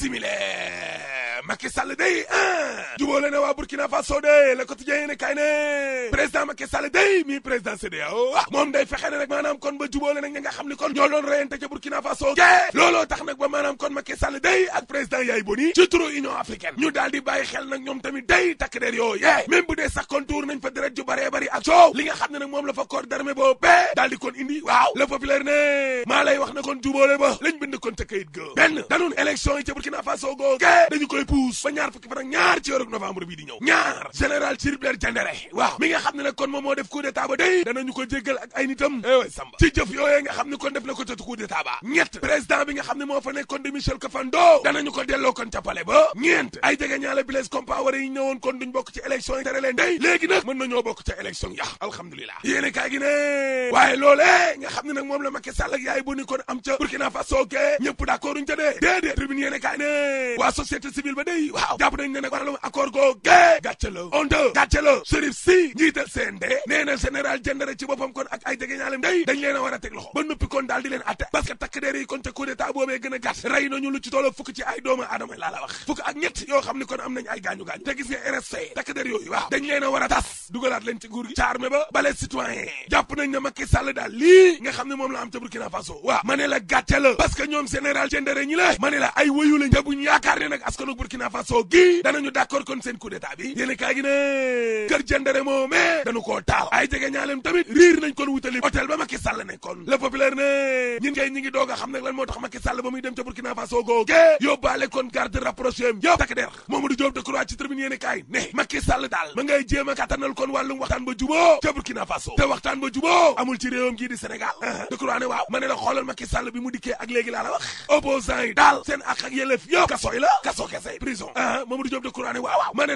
Similé! Macky Sall day ah jubóole na waa Burkina Faso de la quotidien yéene kay ne président Macky Sall day mi président CEDEAO waaw ah, moom day fexe ne nag maanaam kon ba jubóole nag ña nga xam ni kon ñoo doon reyante ca Burkina Faso ge looloo tax nag ba maanaam kon Macky Sall day ak président Yaay Boni ci turu Union africaine ñu daal di bàyyi xel nag ñoom tamit day takk der yooyu même bu dee sax contour nañ fa deret ju bëree bëri ak coow li nga xam ne nag moom douze ba ñaar fukki fan ak ñaar ci weeru novembre bii di ñëw ñaar général Ciribert Diendéré waaw mi nga xam ne kon moo def coup d'état ba day danañu ko jéggal ak ay nitam eh ci jëf yooyee nga xam ne kon def na ko ca coup d'état ba ñett président bi nga xam ne moo fa nekkoon di Michel Kafando danañu ko delloo kon ca palais ba ñeent ay jege ñaale Blaise Compaoré yi kon duñ bokk ci élection yi day léegi nag mën nañoo bokk ca élection ya alhamdulilah yéene day waaw jàpp nañ ne nag waralu accord goo gée gàcce la onde gàcce la sërif si colonel général ci boppam kon ak ay jegeñaalem day dañ leen a teg loxo ba noppi kon daal di leen atte parce que takk déer yi kon te coup gën a gàtt rey nañu lu ci tolloo fukk ci ay doomu aadama laa wax fukk ak ñett yoo xam ne kon am nañ ay gaañu-gaañu te gis nga RSC takk déer dañ leen a war a tas leen ci nguur gi ca ba bale citoyen jàpp nañ ne Macky Sall daal lii nga xam ne moom la am ca Burkina Faso waaw ma la gàcce la parce que ñoom ay jege ñaaleem tamit riir nañ kon wutali hôtel ba Macky Sall nekkoon le populaire ne ñun kay ñi ngi doog a xam nag lan moo tax Macky Sall ba muy dem ca Burkina Faso googe yóbbaale kon garde rapproché am yëpp takk der Mamadou Diop Decroix ci tribune yéene kaay ne Macky Sall daal ma ngay jéem a kàttanal kon wàllum waxtaan ba juboo ca Burkina Faso te waxtaan ba juboo amul ci réewam gii di Sénégal ah ah Decroix ne waaw ma ne la xoolal ah ma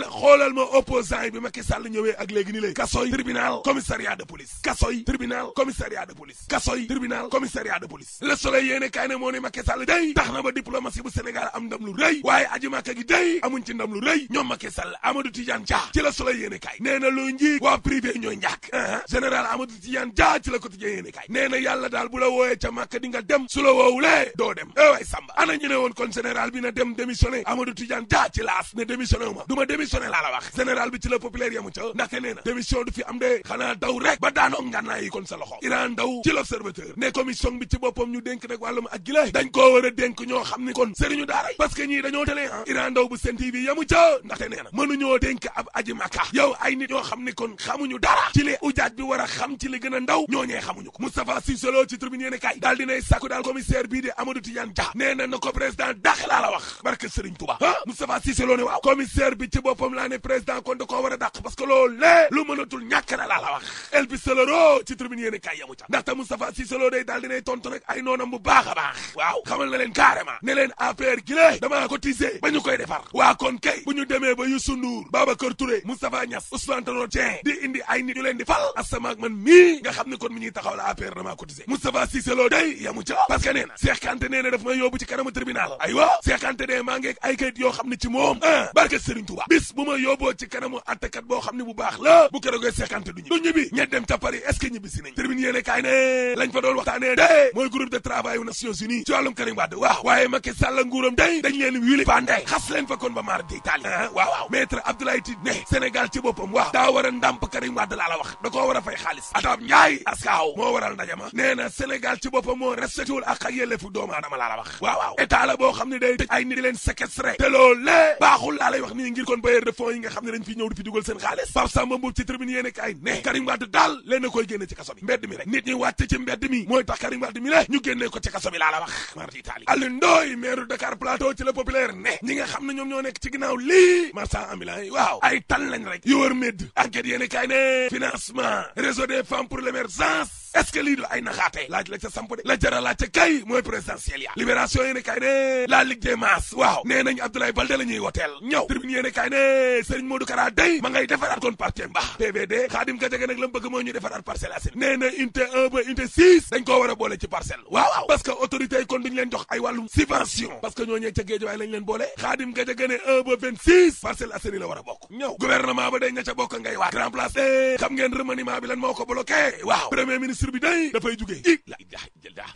ne la kasoy tribunal commissariat de police kasoy tribunal commissariat de police le soleil yéene kaay ne lu njiig waa privé ñooy njàkk uh-huh. général Amadou Tidiane Dia ci le eh ci laas ne démissionné wu ma du ma démissionné laa la wax général bi ci le populaire yamu ca ndaxte nee na du fi am de xanaa naa rek ba daanoo ngànnaay kon sa loxo Iran daw ci l'observateur ne commission bi ci boppam ñu dénk rek wàllum ak gile dañ koo war a dénk ñoo xam ni kon sëriñu daara parce que ñii dañoo tëlee ah Iran daw bu Sen TV yamu ca ndaxte nee na mënuñoo dénk ab aji makka yow ay nit ñoo xam ni kon xamuñu dara ci li ujaaj bi war a xam ci li gën a ndaw ñooñee xamuñu ko Moustapha Cissé ci tribune yéene kaay dinay sàkku daal commissaire bii di Amadou Tidiane Dia nee ah, a wax Elvis Saloro ci tribune yéen kay yamu ca ndaxte Moustapha Cissé Lo day daal dinay tontu nag ay noonam bu baax a baax waaw xamal na leen carrément ne leen affaire gi lée damaa ba ñu koy defar waa kon kay bu ñu demee ba Youssou Ndour Babacar Touré Moustapha Niass Ousmane Tanor Dieng di indi ay nit ñu leen di fal asama man mii nga xam ne kon mi ñuy taxaw la affaire damaa ko tiisee Moustapha Cissé yamu ca parce que nee na Cheikh daf may yóbbu ci kanamu tribunal ñibbi ña dem ca Paris est-ce que ñibbi si nañ tribune yéene kaay ne lañ fa doon waxtaanee de mooy groupe de travail wu Nations Unies ci wàllum Karim Wade waaw waaye Macky Sall nguuram day dañ leen wili fande xas leen fa kon ba maar di taali ah, waaw waaw maître Abdoulaye Tine ne Sénégal ci boppam waaw daa war a ndàmp Karim Wade laa la wax da koo war a fay xaalis atab Njaay askaaw moo waral ndaje ma nee na Sénégal ci boppam moo respecté ak ak yelleefu doomu aadama laa la wax waaw waaw état la boo xam ne day ay nit di leen séquestré te loolee baaxul laa lay wax nii ngir kon bailleur de fonds yi nga xam ne dañ fi ñëw di fi dugal seen xaalis Pape Samba Mboup ci tribune yéene kaay ne Karim Wade daal leen génne ci kaso mbedd mi rek nit ñi wàcc ci mbedd mi mooy tax Karim Wade mi le ñu génne ko ci kaso bi laa la wax marti Italie Alioune Ndoye maire Dakar Plateau ci la populaire ne ñi nga xam ne ñoom ñoo nekk ci ginnaaw lii marchand ambulant yi ay tan lañ rek yu wër médd enquête yéene kaay ne financement réseau des femmes pour l'émergence est-ce que lii du ay naxaate laaj la ca samp de la jara ca kay mooy présidentiel ya libération yéene kay ne la ligue des waaw nee nañ Abdoulaye Baldé la ñuy tribune yéene kay ne Serigne Modou Kara day ma ngay defaraat kon parti mbaax PVD Khadim Gadiaga nag la mu mooy ñu defaraat Parcelles Assainies nee na unité 1 ba unité 6 dañ koo war a boole ci parcelle waaw waaw autorité yi kon duñu leen jox ay wàllum subvention parce que ñoo la war bokk ña ministre bi day dafay jugee i la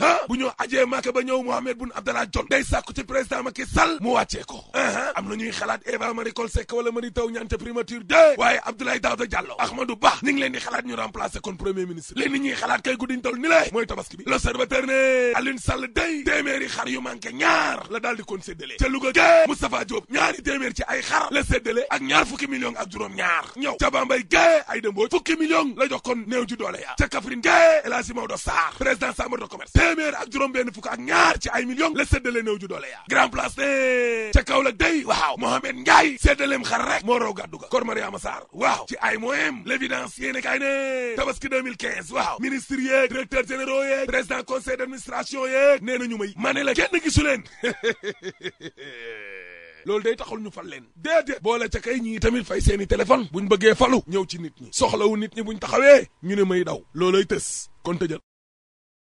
ah bu ñu ajee Màkka ba ñëw Mohamed Boun Abdallah Dionne day sàkku ci président Macky Sall mu wàccee ko ah, am na ñuy xalaat Eva Marie Coll Seck wala Mary Teuw Niane ca primature de waaye Abdoulaye Daouda Diallo Ahmadou Ba ñu ngi leen di xalaat ñu remplacer kon premier ministre leen nit ñuy xalaat kay guddiñ tol ni lay mooy tabaski bi l'observateur ne Alioune Sall day téeméeri xar yu manqué ñaar la daal di kon séddale ca Louga gé Moustapha Diop ñaari téeméer ci ay xar la séddale ak ñaar fukki ak juróom ñaar ñëw ca Bambey gé ay dëmbooj fukki million la jox kon néew téeméer ak juróom-benn fukk ak ñaar ci ay millions la séddale néew ju doole yaa grand place ne ca Kaolack day waaw Mohamed Ndiaye séddaleem xar rek moo raw gàddu ga kor Mariama Sarr waaw ci ay moyens l'évidence yéene kaay ne tabaski 2015 waaw ministre yeeg directeur généraux yeeg président conseil d'administration yeeg nee na ñu may ma la kenn gisu leen day taxul ñu fal leen déedéet boole ca kay ñii tamit fay seeni téléphone buñ bëggee falu ñëw ci nit ñi nit ñi buñ taxawee ñu ne may daw loolay tës kon tëjal